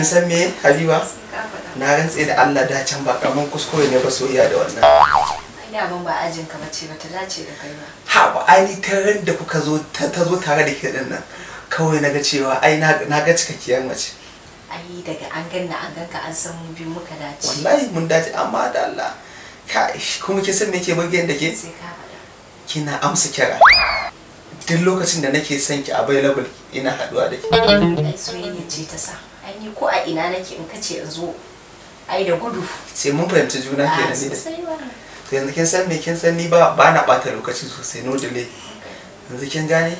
kin san me habiba na rantse da allah da can ba kaman kuskure ne ba soyayya da wannan daman ba ajin ka bace ba ta dace da kai ba ha ba ai taron da kuka zo ta zo tare da ke din nan kawai naga cewa ai na ga cikakkiyar mace ai daga an ganna an ganka an san mu biyu muka dace wallahi mun dace amma da Allah kai kuma kin san me ke burgen da ke sai ka kina amsa kira duk lokacin da nake son ki available ina haduwa da ki soyayya ce ta sa ni ko a ina nake in kace in zo ai da gudu sai mun fahimci juna ah, ke da to yanzu kin san me kin san ni ba ba na bata lokaci sosai no delay yanzu kin gane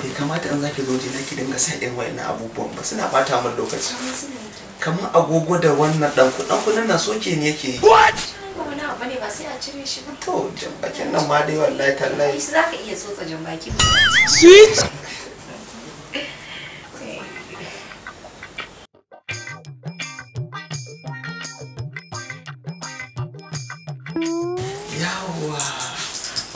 bai kamata in zaki zo na ki dinga sa irin wayannan abubuwan ba suna bata min lokaci kamar agogo da wannan dan kuɗin na nan ke ne yake yi what wani abu ne to jambakin nan ma dai wallahi tallahi za ka iya tsotsa jambakin sweet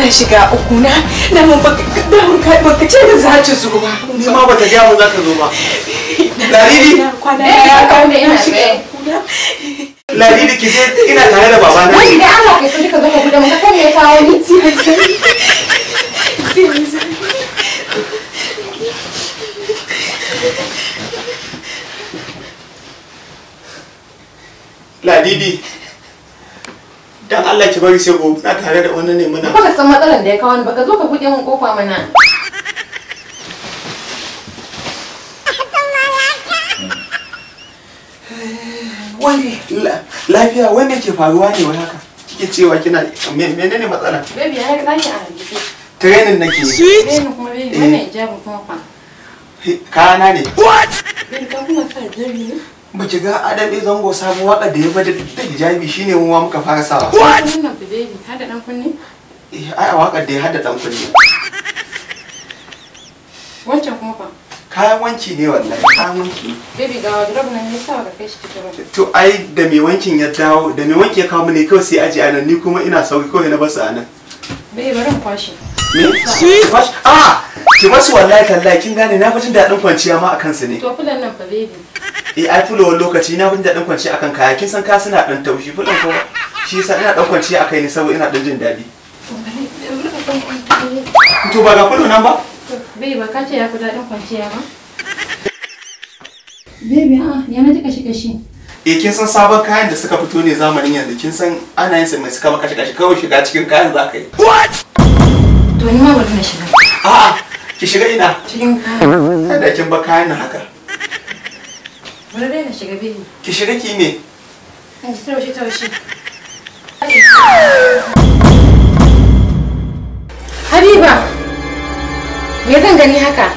na shiga uku na da mun baka ce da za ta zo ba ni ma baka ga mun za ta zo ba laridi kwana eh, ya kawo ina shiga laridi ki je ina tare da baba na wai da Allah ka tsaka gama gudan ka ka wani kawo ni ci Ladidi. dan Allah ki bari sai gobe na tare da wannan ne muna baka san matsalar da ya kawo ba ka zo ka buɗe min kofa mana wai lafiya wai me ke faruwa ne wai haka kike cewa kina menene matsala baby ya ga dani a hanji training nake yi training kuma baby eh. wannan hijabin kuma fa kana ne what baby ka kuma sa jabi ne ba ki ga adam ɗin zango sabon waka da ya bada da hijabi shine mu ma muka fara sawa what wannan ku baby ka da dan kunne eh ai a da ya hada dan kunne wancan kuma fa kayan wanki ne wallahi kayan wanki baby ga wardrobe nan ne sa ka kai shi cikin to ai da me wankin ya dawo da me wanki ya kawo mu ne kawai sai aji nan ni kuma ina sauki kawai na basu anan baby bari kwashi me kwashi ah ki masu wallahi tallahi kin gane na fi jin daɗin kwanciya ma akan su ne to fulan nan fa baby eh ai fulo wani lokaci na fi jin daɗin kwanciya akan kaya kin san ka suna ɗan taushi fulan ko shi yasa ina ɗan kwanciya akai ne saboda ina ɗan jin daɗi to ba ga fulo nan ba bai ba ka ce ya fi daɗin kwanciya ba Baby, ah, yana ji kashi-kashi. e kin san sabon kayan da suka fito ne zamanin yanzu kin san ana yin mai suka ba kashi kashi kawai shiga cikin kayan za ka yi. What? To ni ma ba na shiga. A'a ki shiga ina cikin kayan da kin ba kayan nan haka bari dai na shiga bini ki shiga ki ne taushe taushe Habiba me zan gani haka